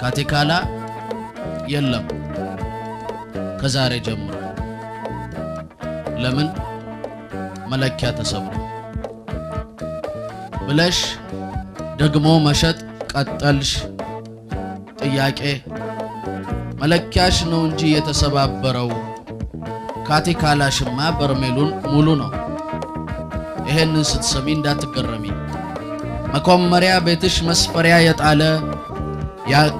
ካቴካላ የለም ከዛሬ ጀምሮ። ለምን መለኪያ ተሰብሮ ብለሽ ደግሞ መሸጥ ቀጠልሽ። ጥያቄ መለኪያሽ ነው እንጂ የተሰባበረው ካቴካላሽማ በርሜሉን ሙሉ ነው። ይሄንን ስትሰሚ እንዳትገረሚ። መኮመሪያ ቤትሽ መስፈሪያ የጣለ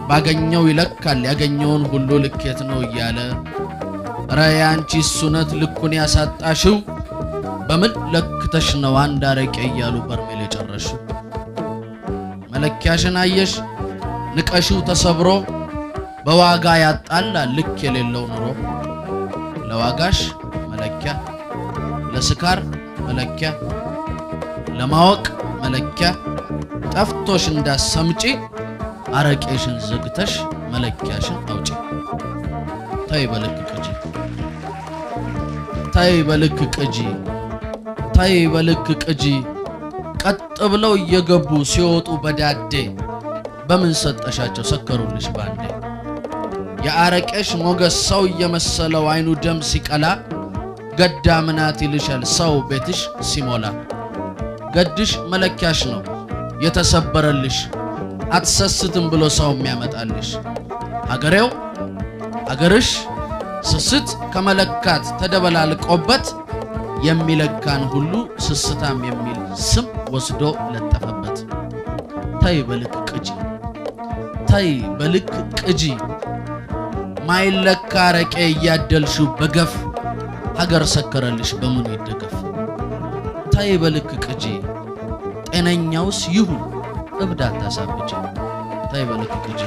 ባገኘው ይለካል ያገኘውን ሁሉ ልኬት ነው እያለ እረ የአንቺ ሱነት ልኩን ያሳጣሽው በምን ለክተሽ ነው አንድ አረቄ እያሉ በርሜል የጨረሽው? መለኪያሽን አየሽ ንቀሽው ተሰብሮ በዋጋ ያጣላል! ልክ የሌለው ኑሮ ለዋጋሽ መለኪያ ለስካር መለኪያ ለማወቅ መለኪያ ጠፍቶሽ እንዳሰምጪ አረቄሽን ዘግተሽ መለኪያሽን አውጪ። ታይ በልክ ቅጂ፣ ታይ በልክ ቅጂ፣ ታይ በልክ ቅጂ። ቀጥ ብለው እየገቡ ሲወጡ በዳዴ በምን ሰጠሻቸው ሰከሩልሽ ባንዴ። የአረቄሽ ሞገስ ሰው እየመሰለው አይኑ ደም ሲቀላ ገዳ ምናት ይልሻል ሰው ቤትሽ ሲሞላ ገድሽ መለኪያሽ ነው የተሰበረልሽ አትሰስትም ብሎ ሰው የሚያመጣልሽ አገሬው ሀገርሽ ስስት ከመለካት ተደበላልቆበት የሚለካን ሁሉ ስስታም የሚል ስም ወስዶ ለጠፈበት። ተይ በልክ ቅጂ፣ ተይ በልክ ቅጂ። ማይለካ አረቄ እያደልሽው በገፍ ሀገር ሰከረልሽ በምን ይደገፍ? ተይ በልክ ቅጂ ጤነኛውስ ይሁን እብድ አታሳብጅ ታይ በልክ